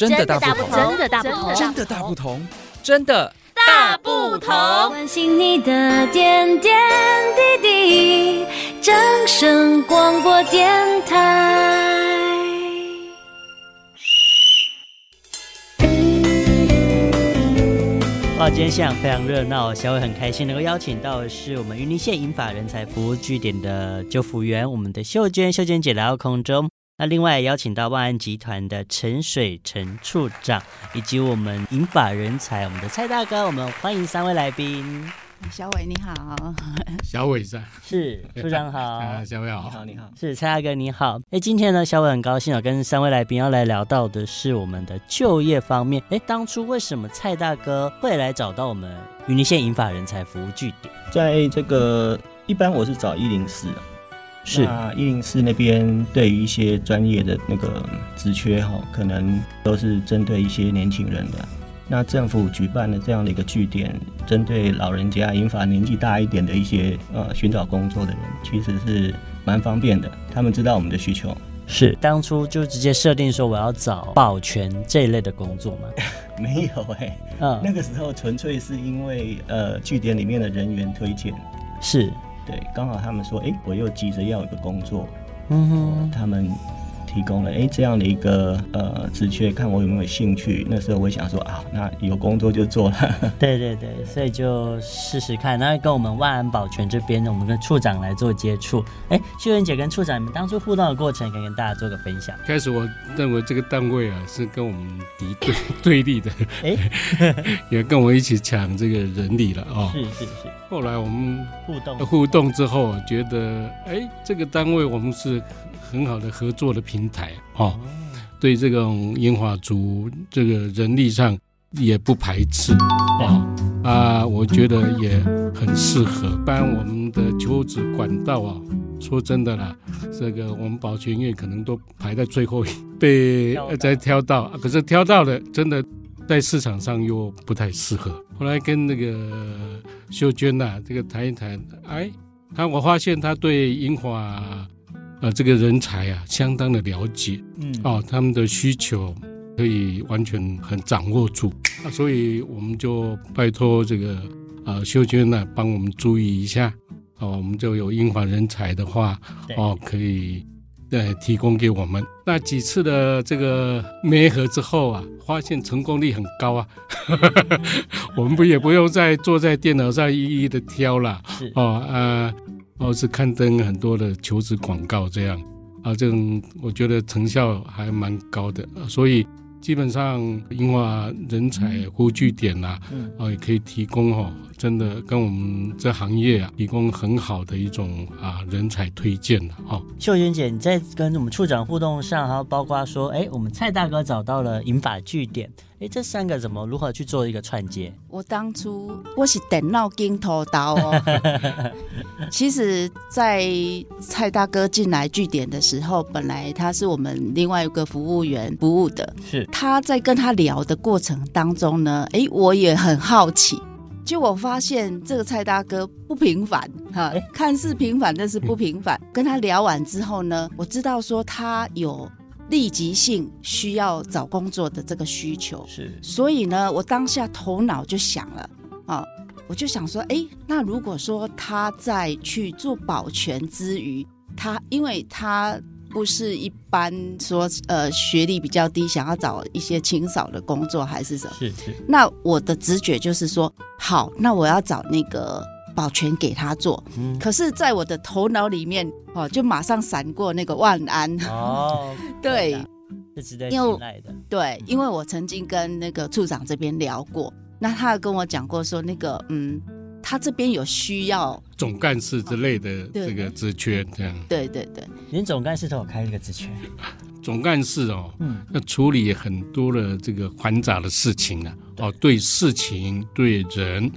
真的大不同，真的大不同，真的大不同，真的大不同。關心你的點點滴滴，正聲廣播電台。哇，今天現場非常熱鬧，小偉很開心能夠邀請到的是我們雲林縣銀髮人才服務據點的就服員，我們的秀娟，秀娟姐來到空中。那另外邀請到萬安集團的陳水成處長，以及我們銀髮人才我們的蔡大哥，我們歡迎三位來賓。小偉你好，小偉在，是處長好，啊啊、小偉好，好，你好你好，是蔡大哥你好。欸、今天呢，小偉很高興啊，跟三位來賓要來聊到的是我們的就業方面。哎、欸，當初為什麼蔡大哥會來找到我們雲林縣銀髮人才服務據點？在這個一般我是找一零四。是，一零四那邊對於一些專業的那個職缺哈、哦，可能都是針對一些年輕人的。那政府舉辦了這樣的一個據點，針對老人家、銀髮年紀大一點的一些呃尋找工作的人，其實是蠻方便的。他們知道我們的需求。是，當初就直接設定說我要找保全這一類的工作嗎？沒有哎、欸，嗯、那個時候純粹是因為呃據點裡面的人員推薦。是。剛好他們說，哎、欸，我又急着要一個工作，嗯哼，他們提供了哎、欸、這樣的一個呃職缺，看我有沒有興趣。那時候我想說啊，那有工作就做了。對對對，所以就試試看。那跟我們萬安保全這邊，我們跟處長來做接觸。哎、欸，秀雲姐跟處長，你們當初互動的過程，可以跟大家做個分享。開始我認為這個單位啊是跟我們敵對，對立的，哎、欸， 也跟我一起搶這個人力了啊。哦、是是是。後來我們互動互動之後，覺得哎，這個單位我們是很好的合作的平台哦。嗯、對這種銀髮族，這個人力上也不排斥、哦、啊，我覺得也很適合。一般我們的求職管道啊、哦，說真的啦，這個我們保全員可能都排在最後被到、呃、再挑到、啊，可是挑到了真的。在市場上又不太適合。後來跟那個秀娟吶、啊，這個談一談，哎，他我發現他對銀髮、呃，啊這個人才啊，相當的了解，嗯，哦，他們的需求可以完全很掌握住、啊，那所以我們就拜託這個啊、呃、秀娟呢、啊，幫我們注意一下，哦，我們就有銀髮人才的話，哦，可以。對，提供給我們那幾次的這個媒合之後啊，發現成功率很高啊， 我們不也不用再坐在電腦上一一的挑了，是哦啊，哦、呃、是刊登很多的求職廣告這樣，啊這種我覺得成效還蠻高的，所以。基本上，因為人才匯聚點啊，也可以提供哦，真的跟我們這行業啊，提供很好的一種啊人才推薦的哈。秀娟姐，你在跟我們處長互動上，還有包括說，哎，我們蔡大哥找到了銀髮據點，哎，這三個怎麼如何去做一個串接？我當初我是電腦鏡頭刀，喔， 其實在蔡大哥進來據點的時候，本來他是我們另外一個服務員服務的，是。他在跟他聊的過程當中呢，誒、欸，我也很好奇，就我發現這個蔡大哥不平凡哈，啊欸、看似平凡，但是不平凡。跟他聊完之後呢，我知道說他有立即性需要找工作的這個需求，是，所以呢，我當下頭腦就想了啊，我就想說，誒、欸，那如果說他在去做保全之餘，他因為他。不是一般說呃學歷比較低，想要找一些清掃的工作還是什麼？是是。是那我的直覺就是說，好，那我要找那個保全給他做。嗯、可是，在我的頭腦裡面哦、啊，就馬上閃過那個萬安。哦 對。對。是值得信賴的。對，因為我曾經跟那個處長這邊聊過，那他跟我講過說，那個嗯。他這邊有需要、嗯、總幹事之類的、哦、這個職缺，這樣。對對對，對您總幹事給我開一個職缺。總幹事哦，那、嗯、要處理很多的這個繁雜的事情呢，哦，對事情、對人，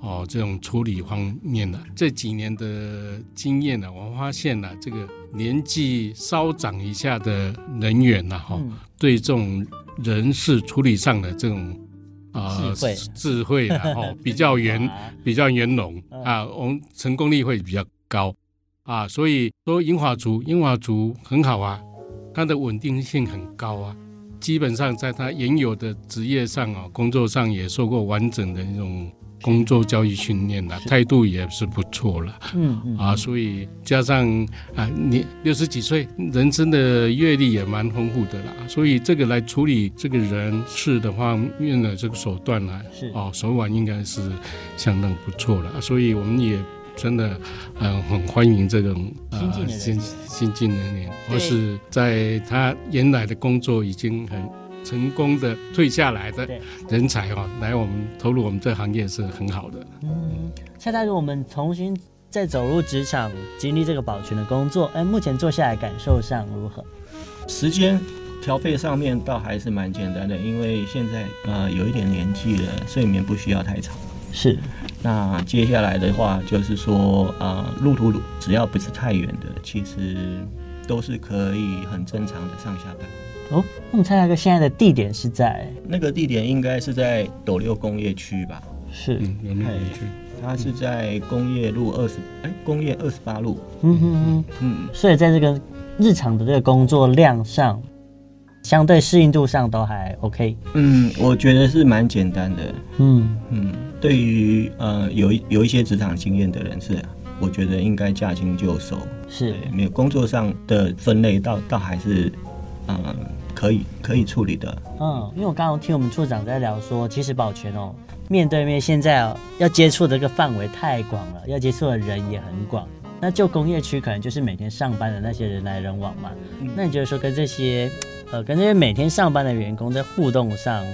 哦，這種處理方面呢、啊，這幾年的經驗呢，我發現了、啊、這個年紀稍長一下的人員呢，哈，對這種人事處理上的這種。啊，呃、智慧，然後比較圓，比較圓融啊，我們成功率會比較高啊，所以說銀髮族，銀髮族很好啊，他的穩定性很高啊，基本上在他原有的職業上啊，工作上也受過完整的那種。工作交易、教育是、訓練了，態度也是不錯了，嗯。嗯，嗯啊，所以加上啊，你六十幾歲，人生的閱歷也蠻豐富的啦。所以這個來處理這個人事的方面的這個手段呢，是哦，手腕應該是相當不錯了。所以我們也真的嗯、呃、很歡迎這種啊，呃、新的年新新進人員，對而是在他原來的工作已經很。成功的退下來的人才哈、哦，來我們投入我們這行業是很好的。嗯，夏大哥，我們重新再走入職場，經歷這個保全的工作，哎，目前做下來感受上如何？時間調配上面倒還是蠻簡單的，因為現在呃有一點年紀了，睡眠不需要太長。是。那接下來的話就是說啊、呃，路途路只要不是太遠的，其實都是可以很正常的上下班。哦，那麼猜那個現在的地點是在那個地點應該是在斗六工業區吧？是，工業區。有沒有沒有它是在工業路二十、嗯，哎、欸，工業二十八路。嗯嗯嗯嗯。所以在這個日常的這個工作量上，相對適應度上都還 OK。嗯，我覺得是蠻簡單的。嗯嗯，對於呃有有一些職場經驗的人士、啊，我覺得應該駕輕就熟。是沒有、嗯、工作上的分類倒，倒倒還是，啊、嗯。可以可以處理的，嗯，哦，因為我剛剛聽我們處長在聊說，其實保全哦，面對面現在哦要接觸的這個範圍太廣了，要接觸的人也很廣。那就工業區可能就是每天上班的那些人來人往嘛。嗯，那你覺得說跟這些，呃，跟這些每天上班的員工在互動上，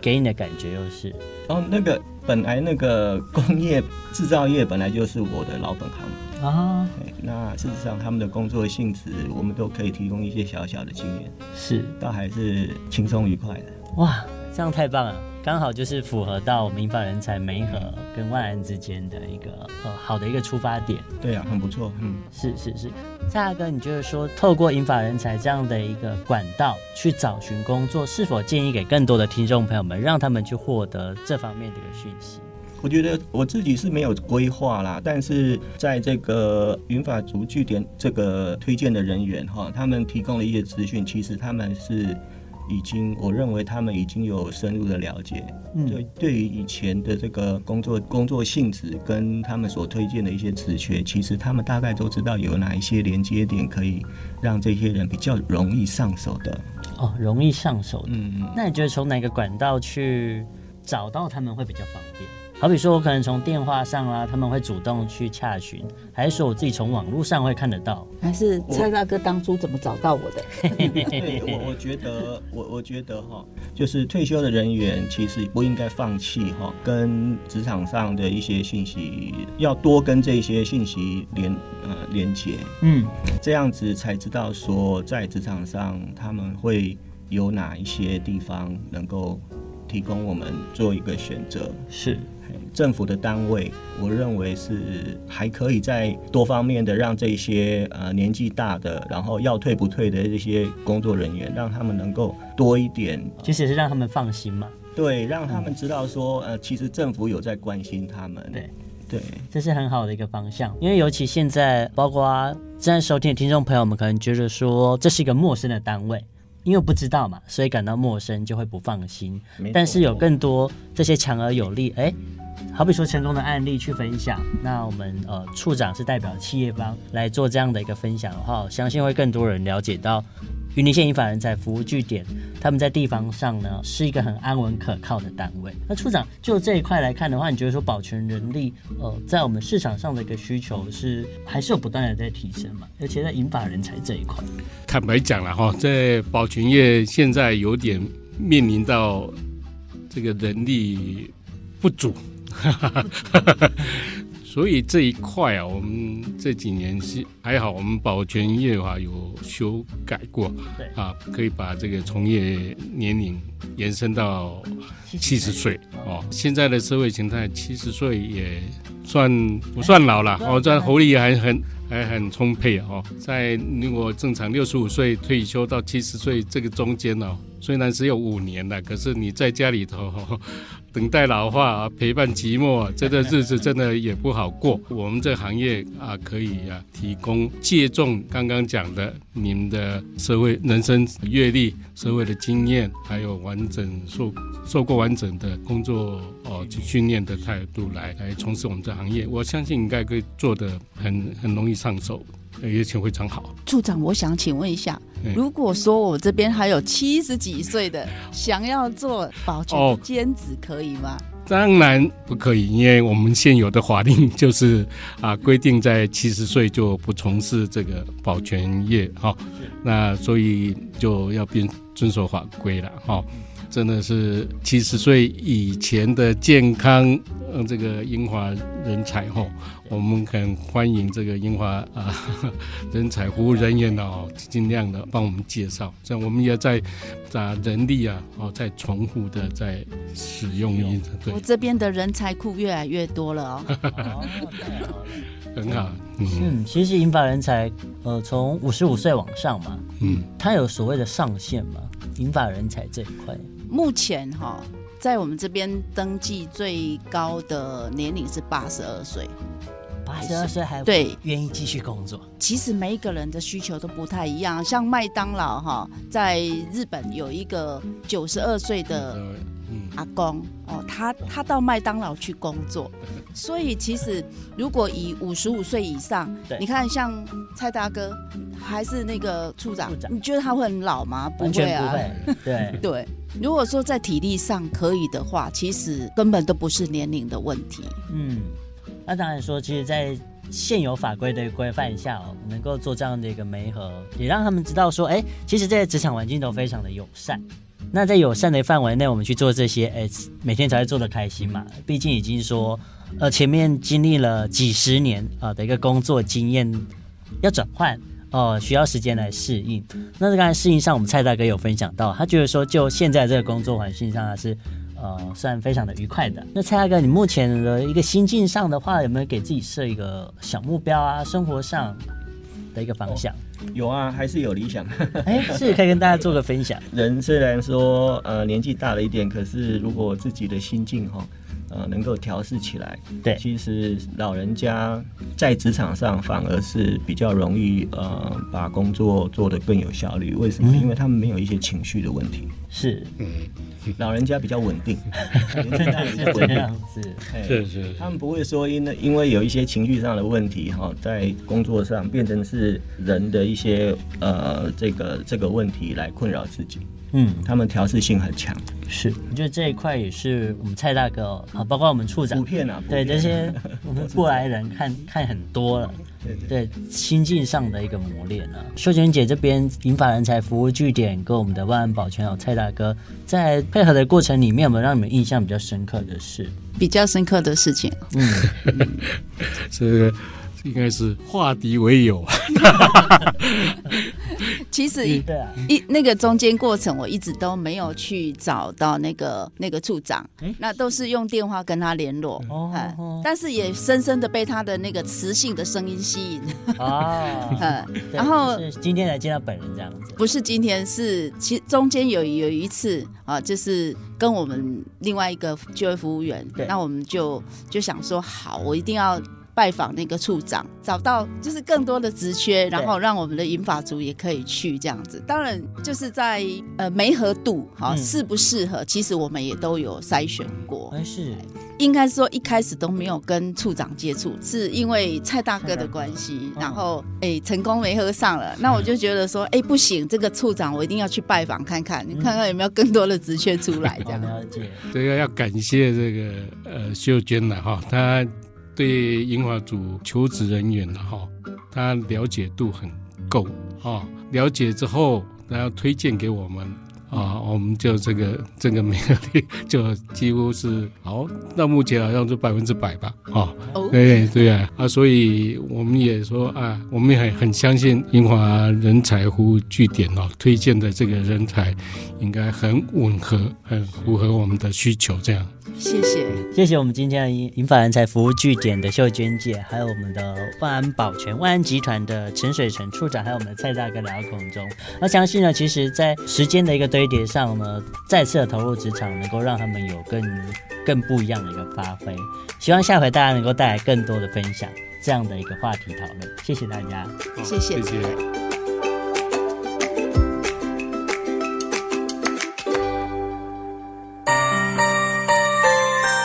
給你的感覺又是？哦，那個本來那個工業制造業本來就是我的老本行。啊、oh，那事實上他們的工作性質，我們都可以提供一些小小的經驗，是，倒還是輕鬆愉快的。哇，這樣太棒了！剛好就是符合到我們民法人才梅和跟萬安之間的一個呃，好的一個出發點。對啊，很不錯，嗯，是是是。蔡大哥，你就是說透過銀髮人才這樣的一個管道去找尋工作，是否建議給更多的聽眾朋友們，讓他們去獲得這方面的一個訊息？我覺得我自己是沒有規劃啦，但是在這個銀髮族據點，這個推薦的人員哈，他們提供了一些資訊，其實他們是已經，我認為他們已經有深入的了解。嗯。所以對於以前的這個工作工作性質跟他們所推薦的一些職缺，其實他們大概都知道有哪一些連接點可以讓這些人比較容易上手的。哦，容易上手的。嗯嗯。那你覺得從哪個管道去找到他們會比較方便？好比說，我可能從電話上啊，他們會主動去洽詢，還是說我自己從網絡上會看得到？還是蔡大哥當初怎麼找到我的？ 對，我我覺得，我我覺得哈、喔，就是退休的人員其實不應該放棄哈、喔，跟職場上的一些信息，要多跟這些信息連呃連接，嗯，這樣子才知道說在職場上他們會有哪一些地方能夠提供我們做一個選擇，是。政府的單位，我認為是還可以在多方面的讓這些呃年紀大的，然後要退不退的這些工作人員，讓他們能夠多一點，呃、其實也是讓他們放心嘛。對，讓他們知道說，嗯、呃，其實政府有在關心他們。對，對，這是很好的一個方向。因為尤其現在，包括正在收聽的聽眾朋友們，可能覺得說這是一個陌生的單位，因為不知道嘛，所以感到陌生就會不放心。沒錯。但是有更多這些強而有力，哎。嗯好比說成功的案例去分享，那我們呃處長是代表企業方來做這樣的一個分享的話，我相信會更多人了解到雲林縣銀髮人才服務據點，他們在地方上呢是一個很安穩可靠的單位。那處長就這一塊來看的話，你覺得說保全人力呃在我們市場上的一個需求是還是有不斷的在提升嘛？而且在銀髮人才這一塊，坦白講了哈，在保全業現在有點面臨到這個人力不足。哈哈哈， 所以這一塊啊，我們這幾年是還好，我們保全業啊有修改過，對啊，可以把這個從業年齡延伸到七十歲哦。現在的社會形態，七十歲也算不算老了哦？這活力還很還很充沛哦，在如果正常六十五歲退休到七十歲這個中間呢、哦？雖然只有五年了，可是你在家裡頭等待老化、陪伴寂寞，這段日子真的也不好過。我們這行業啊，可以啊，提供借重剛剛講的你們的社會人生閱歷、社會的經驗，還有完整受受過完整的工作哦訓練的態度來來從事我們這行業。我相信應該可以做的很很容易上手，也請會長好。處長，我想請問一下，如果說我這邊還有七十幾歲的想要做保全的兼職，可以嗎？哦，當然不可以，因為我們現有的法令就是啊，規定在七十歲就不從事這個保全業哈。哦、是那所以就要變遵守法規了哈。哦真的是七十歲以前的健康，嗯，這個銀髮人才哦，我們很歡迎這個銀髮啊人才服務人員哦，盡量的幫我們介紹。像我們也在把人力啊，哦，在重複的在使用。我這邊的人才庫越來越多了哦。 很好，嗯，其實銀髮人才，呃，從五十五歲往上嘛，嗯，他有所謂的上限嘛，銀髮人才這一塊。目前哈、哦，在我們這邊登記最高的年齡是八十二歲，八十二歲還對願意繼續工作。其實每一個人的需求都不太一樣，像麥當勞哈、哦，在日本有一個九十二歲的阿公哦，他他到麥當勞去工作。所以其實如果以五十五歲以上，對你看像蔡大哥還是那個處長，處長，你覺得他會很老嗎？不會啊，對對。 對如果說在體力上可以的話，其實根本都不是年齡的問題。嗯，那、啊、當然說，其實，在現有法規的規範下哦，能夠做這樣的一個媒合，也讓他們知道說，哎，其實，這些職場環境都非常的友善。那在友善的範圍內，我們去做這些，哎，每天才會做得開心嘛。畢竟已經說，呃，前面經歷了幾十年啊、呃、的一個工作經驗，要轉換。哦，需要時間來適應。那這剛才適應上，我們蔡大哥有分享到，他覺得說，就現在這個工作環境上，他是呃算非常的愉快的。那蔡大哥，你目前的一個心境上的話，有沒有給自己設一個小目標啊？生活上的一個方向，哦、有啊，還是有理想。哎、 欸，是可以跟大家做個分享。人雖然說呃年紀大了一點，可是如果自己的心境哈。哦呃，能夠調適起來，對，其實老人家在職場上反而是比較容易，呃，把工作做得更有效率。為什麼？因為他們沒有一些情緒的問題。是，嗯，老人家比較穩定， 是，欸、是是，是他們不會說因為因為有一些情緒上的問題，哈，在工作上變成是人的一些呃這個這個問題來困擾自己，嗯，他們調適性很強，是，我覺得這一塊也是我們蔡大哥啊、喔，包括我們處長，片啊片啊、對這些我們過來人看看，看很多了。對，對，對，對心境上的一個磨練了，啊。秀娟姐，這邊銀髮人才服務據點跟我們的萬安保全有蔡大哥，在配合的過程裡面，有沒有讓你們印象比較深刻的事？比較深刻的事情，嗯呵呵，所以應該是化敵為友。 其實、嗯啊、一那個中間過程，我一直都沒有去找到那個那個處長，嗯、那都是用電話跟他聯絡。哦、嗯，嗯、但是也深深的被他的那個磁性的聲音吸引。嗯、 哦，嗯， 然後、就是、今天才見他本人這樣子。 不是今天，是其中間有有一次啊，就是跟我們另外一個就業服務員，對那我們就就想說，好，我一定要。拜訪那個處長，找到就是更多的職缺，然後讓我們的銀髮族也可以去這樣子。對當然就是在呃媒合度，哈、哦，適、嗯、不適合，其實我們也都有篩選過。哎、欸、是，應該說一開始都沒有跟處長接觸，是因為蔡大哥的關係，哦、然後哎、欸、成功媒合上了，嗯、那我就覺得說哎、欸、不行，這個處長我一定要去拜訪看看，嗯、你看看有沒有更多的職缺出來、嗯、這樣。了解，這個要感謝這個呃秀娟了哈，她，他對銀髮族求職人員的哈，他了解度很夠啊，了解之後，他要推薦給我們。啊、哦，我們就這個這個名額就幾乎是好、哦，那目前好像就百分之百吧，哦，哦對對啊，啊，所以我們也說啊，我們也很很相信銀髮人才服務據點哦推薦的這個人才，應該很吻合，很符合我們的需求。這樣，謝謝、嗯、謝謝我們今天的銀、銀髮人才服務據點的秀娟姐，還有我們的萬安保全萬安集團的陳水成處長，還有我們的蔡大哥廖孔中。那相信呢，其實，在時間的一個。這一點上呢，再次的投入職場，能夠讓他們有更更不一樣的一個發揮。希望下回大家能夠帶來更多的分享，這樣的一個話題討論。謝謝大家，謝謝。謝謝。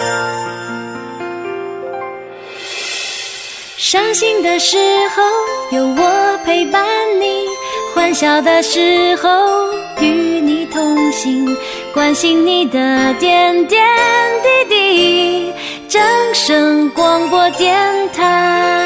哦，傷心的時候有我陪伴你，歡笑的時候。同行關心你的點點滴滴，正聲廣播電台。